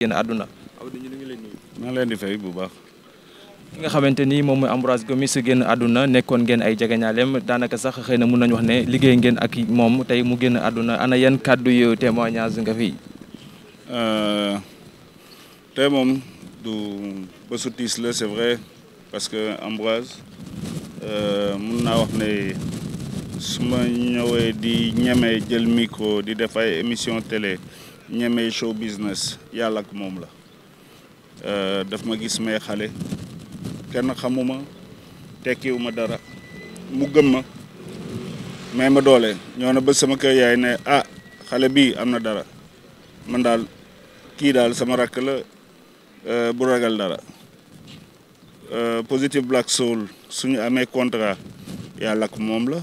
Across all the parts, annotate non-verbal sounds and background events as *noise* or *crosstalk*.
génn àdduna. maa leen di fay bu baax. ki nga xamante ni moom mooy Ambroise Gomis génn àdduna nekkoon ngeen ay jegeñaaleem daanaka sax xëy na mun nañu wax ne liggéey ngeen ak moom tey mu génn àdduna ana yen kàddu yu témoignage nga fi. Euh, tey moom du bésu tiis la c'est vrai parce que Ambroise euh, mun naa wax ne su ma ñëwee di ñemee jël micro di def ay émission télé ñemee show business yàlla ak moom la euh, daf ma gis may xale kenn xamuma tekkiwu ma dara mu gëm ma mais ma doole ñoo na ba sama kër yaay ne ah xale bi am na dara man daal kii daal sama rakk la euh, bu ragal dara euh, Positive Black Soul suñu amee contra yàlla ak moom la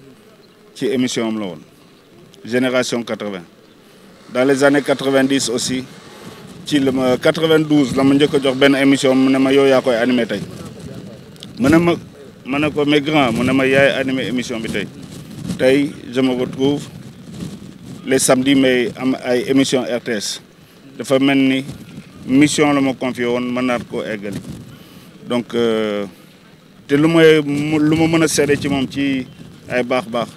ci émission am la génération 80 dans les années 90 aussi ci le 92 la manière que a jox émission mu ne ma yow yaa koy animé tey Mon ne ma ma ne ko mais grand mu ma animé émission bi tay je me retrouve les samedis mais à émission RTS dafa mel ni mission la ma confié woon mën égal. donc euh, te lu luma lu ma mën ci mom ci ay bax bax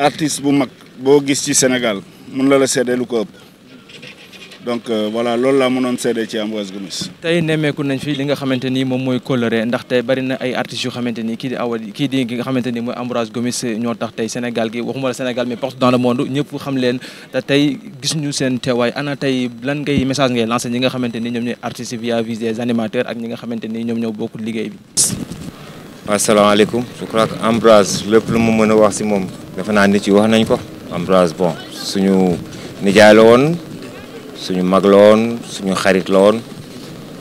artiste bu mag boo gis ci Sénégal mun la la seede lu ko ëpp donc euh, voilà loolu laa mënoon seede ci Ambroise Gomis. tey nemmeeku nañ fi li nga xamante ni moom mooy coloré ndax bari na ay artistes yu xamante ni kii di awa kii di nga xamante ni mooy Ambroise Gomis ñoo tax tey Sénégal gi waxuma la Sénégal mais partout dans le monde ñëpp xam leen te tey gis ñu seen teewaay ana tey lan ngay message ngay lancé ñi nga xamante ni ñoom ñooy artistes via vis des animateurs ñi nga xamante ni ñoom ñoo bokkul liggéey bi. asalaamaaleykum je crois que Ambroise lépp lu mu mën a wax si moom defe naa nit yi wax nañ ko Ambroise bon suñu nijaay la woon suñu mag la woon suñu xarit la woon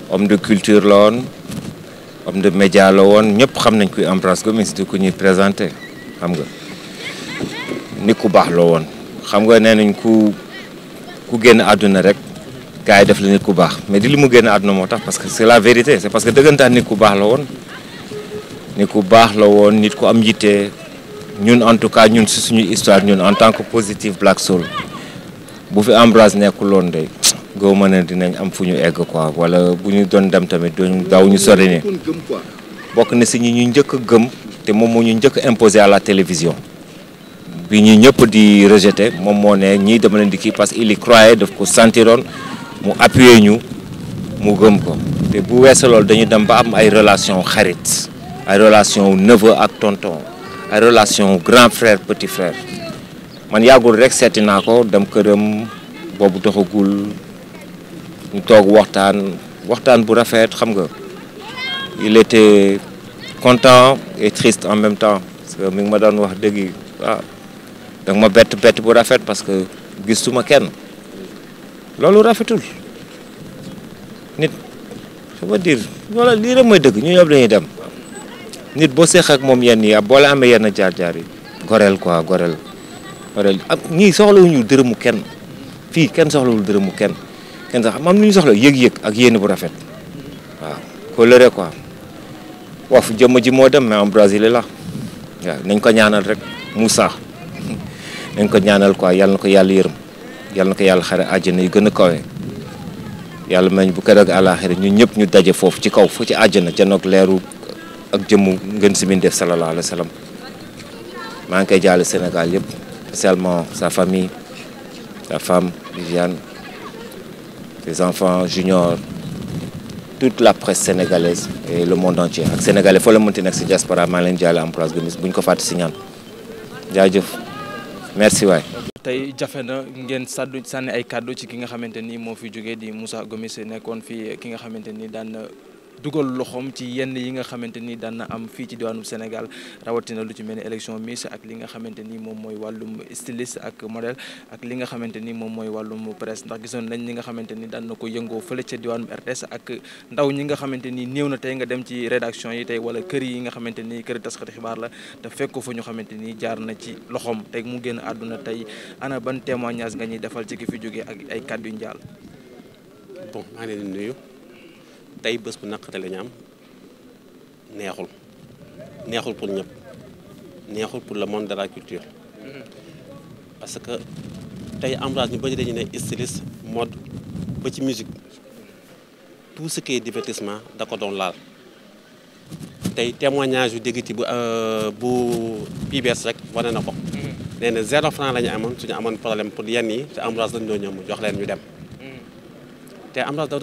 homme de culture la woon homme de média la woon ñëpp xam nañ kuy Ambroise Gomis di ku ñuy présenté xam nga nit ku baax la woon xam nga nee nañ ku ku génn àdduna rek gars yi def la nit ku baax mais di li mu génn àdduna moo tax parce que c'est la vérité c'est parce que dëggantaan nit ku baax la woon ni ku baax la woon nit ku am yitte ñun en tout cas ñun si suñu histoire ñun en tant que Positive Black Soul bu fi Ambroise nekkuloon de goo mën a dinañ am fu ñu egg quoi wala bu ñu doon dem tamit duñ daw ñu sole ni bokk na si ñu ñu njëkk a gëm te moom moo ñu njëkk a à la télévision bi ñu ñëpp di rejeté moom moo ne ñii dama leen di kii parce que il y croyait daf ko sentiroon mu appuyé ñu mu gëm ko te bu weesoo loolu dañu dem ba am ay relation xarit ay relation neveu à tonton ay relation grand frère petit frère man yàggul rek seeti naa ko dem këram boobu doxagul ñu toog waxtaan waxtaan bu rafet xam nga il était content et triste en même temps parce que mi ngi ma doon wax dëgg yi waaw ah, da nga ma bett bett bu rafet parce que gisuma kenn loolu rafetul nit ça veut dire wala lii rek mooy dëgg ñu ñëpp dañuy dem nit boo seex ak moom yenn ya boo la amee yenn jaar-jaar yi gorel quoi gorel gorel ak ñii soxlawuñu dërëmu kenn fii kenn soxlawul dërëmu kenn kenn sax am lu ñu soxla yëg-yëg ak yéene bu rafet waaw kóllëre quoi waf jëmm ji moo dem mais en Brésil la waaw nañ ko ñaanal rek Moussa *laughs* nañ ko ñaanal ko yàlla na ko yàlla yërëm yàlla na ko yàlla xare àjjana yu gën a kawe yàlla mañ bu ko rek àllaaxira ñu ñëpp ñu daje foofu ci kaw fu ci àjjana ca noog leeru ak jëmmu ngën si min def sallallahu alayhi wa sallam maa ngi koy Sénégal yëpp spécialement sa famille sa femme Viviane ses enfants juniors toute la presse sénégalaise et le monde entier ak sénégalais foo la mënti nekk si diaspora maa leen jaale place de bu ñu ko fàtte si ñaan jaajëf merci waay. Tay jafena ngeen sàddu sànni ay cadeau ci ki nga xamante mo fi jógee di Moussa Gomis nekkoon fi ki nga xamante ni dugal loxoom ci yenn yi nga xamante ni daan na am fii ci diwaanu Sénégal rawatina lu ci mel ni élection Miss ak li nga xamante ni moom mooy wàllum styliste ak modèle ak li nga xamante ni moom mooy wàllum presse ndax gisoon nañ ñi nga xamante ni daan na ko yëngoo fële ca diwaanu RTS ak ndaw ñi nga xamante ni néew na tey nga dem ci rédaction yi tey wala kër yi nga xamante ni kër taskati xibaar la te fekk ko fa ñu xamante ni jaar na ci loxoom tey mu génn àdduna tey ana ban témoignage nga ñuy defal ci ki fi ak ay kàddu njaal tey bés bu naqari la ñu am neexul neexul pour ñëpp neexul pour le monde de la culture parce que tey Ambroise ñu bëri dañu ne styliste mode ba ci musique tout ce qui est divertissement da ko doon laal tey témoignage yu déggati bu euh, bu IBS rek wane na ko nee na zéro franc la amoon suñu amoon problème pour yenn yi te Ambroise lañ doon ñëw mu jox leen ñu dem mm. te Ambroise